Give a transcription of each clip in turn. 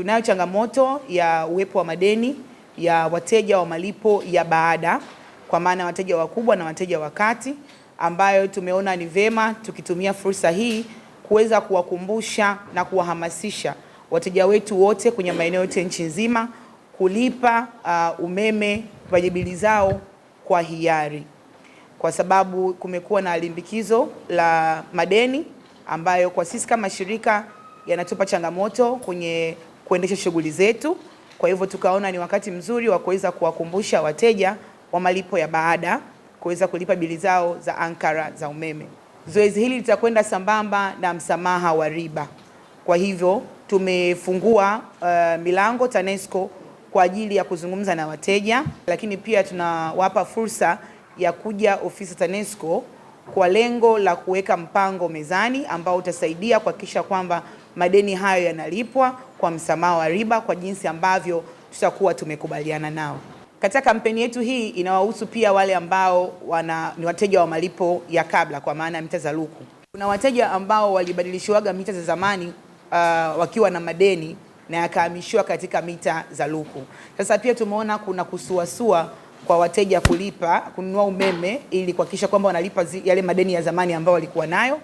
tunayo changamoto ya uwepo wa madeni ya wateja wa malipo ya baada, kwa maana wateja wakubwa na wateja wa kati, ambayo tumeona ni vema tukitumia fursa hii kuweza kuwakumbusha na kuwahamasisha wateja wetu wote kwenye maeneo yote nchi nzima kulipa uh, umeme kwenye bili zao kwa hiari, kwa sababu kumekuwa na limbikizo la madeni ambayo kwa sisi kama shirika yanatupa changamoto kwenye kuendesha shughuli zetu. Kwa hivyo tukaona ni wakati mzuri wa kuweza kuwakumbusha wateja wa malipo ya baada kuweza kulipa bili zao za ankara za umeme. Zoezi hili litakwenda sambamba na msamaha wa riba. Kwa hivyo tumefungua uh, milango TANESCO kwa ajili ya kuzungumza na wateja, lakini pia tunawapa fursa ya kuja ofisi TANESCO kwa lengo la kuweka mpango mezani ambao utasaidia kuhakikisha kwamba madeni hayo yanalipwa kwa msamaha wa riba kwa jinsi ambavyo tutakuwa tumekubaliana nao. Katika kampeni yetu hii inawahusu pia wale ambao wana, ni wateja wa malipo ya kabla kwa maana ya mita za luku. Kuna wateja ambao walibadilishiwaga mita za zamani uh, wakiwa na madeni na yakahamishiwa katika mita za luku. Sasa pia tumeona kuna kusuasua kwa wateja kulipa kununua umeme ili kuhakikisha kwamba wanalipa zi, yale madeni ya zamani ambayo walikuwa nayo.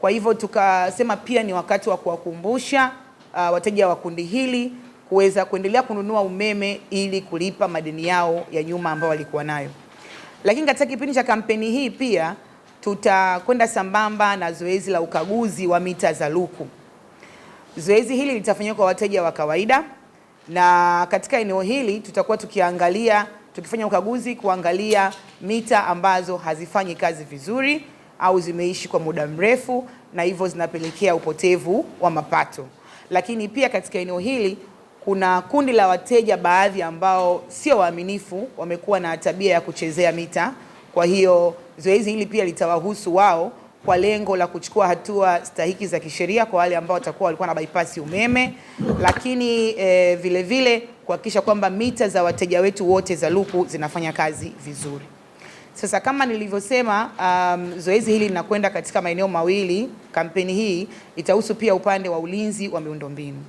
Kwa hivyo tukasema pia ni wakati wa kuwakumbusha uh, wateja wa kundi hili kuweza kuendelea kununua umeme ili kulipa madeni yao ya nyuma ambayo walikuwa nayo. Lakini katika kipindi cha kampeni hii pia tutakwenda sambamba na zoezi la ukaguzi wa mita za luku. Zoezi hili litafanywa kwa wateja wa kawaida, na katika eneo hili tutakuwa tukiangalia, tukifanya ukaguzi kuangalia mita ambazo hazifanyi kazi vizuri au zimeishi kwa muda mrefu na hivyo zinapelekea upotevu wa mapato. Lakini pia katika eneo hili kuna kundi la wateja baadhi ambao sio waaminifu, wamekuwa na tabia ya kuchezea mita. Kwa hiyo zoezi hili pia litawahusu wao kwa lengo la kuchukua hatua stahiki za kisheria kwa wale ambao watakuwa walikuwa na bypass umeme, lakini eh, vile vile kuhakikisha kwamba mita za wateja wetu wote za luku zinafanya kazi vizuri. Sasa kama nilivyosema, um, zoezi hili linakwenda katika maeneo mawili. Kampeni hii itahusu pia upande wa ulinzi wa miundombinu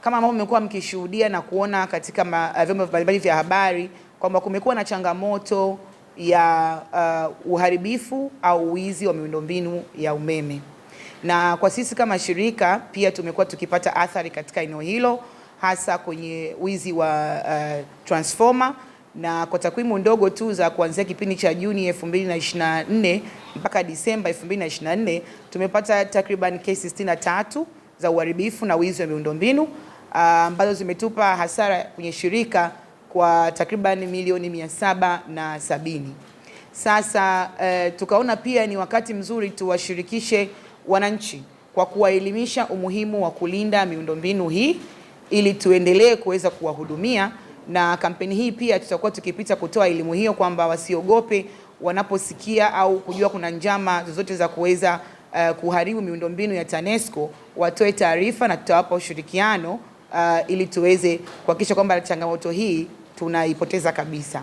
kama ambavyo mmekuwa mkishuhudia na kuona katika uh, vyombo mbalimbali vya habari kwamba kumekuwa na changamoto ya uh, uharibifu au wizi wa miundombinu ya umeme, na kwa sisi kama shirika pia tumekuwa tukipata athari katika eneo hilo, hasa kwenye wizi wa uh, transformer na kwa takwimu ndogo tu za kuanzia kipindi cha Juni 2024 mpaka Disemba 2024 tumepata takriban kesi 63 za uharibifu na wizi wa miundombinu ah, ambazo zimetupa hasara kwenye shirika kwa takriban milioni mia saba na sabini. Sasa e, tukaona pia ni wakati mzuri tuwashirikishe wananchi kwa kuwaelimisha umuhimu wa kulinda miundombinu hii ili tuendelee kuweza kuwahudumia na kampeni hii pia tutakuwa tukipita kutoa elimu hiyo kwamba wasiogope wanaposikia au kujua kuna njama zozote za kuweza uh, kuharibu miundombinu ya TANESCO watoe taarifa na tutawapa ushirikiano uh, ili tuweze kuhakikisha kwamba changamoto hii tunaipoteza kabisa.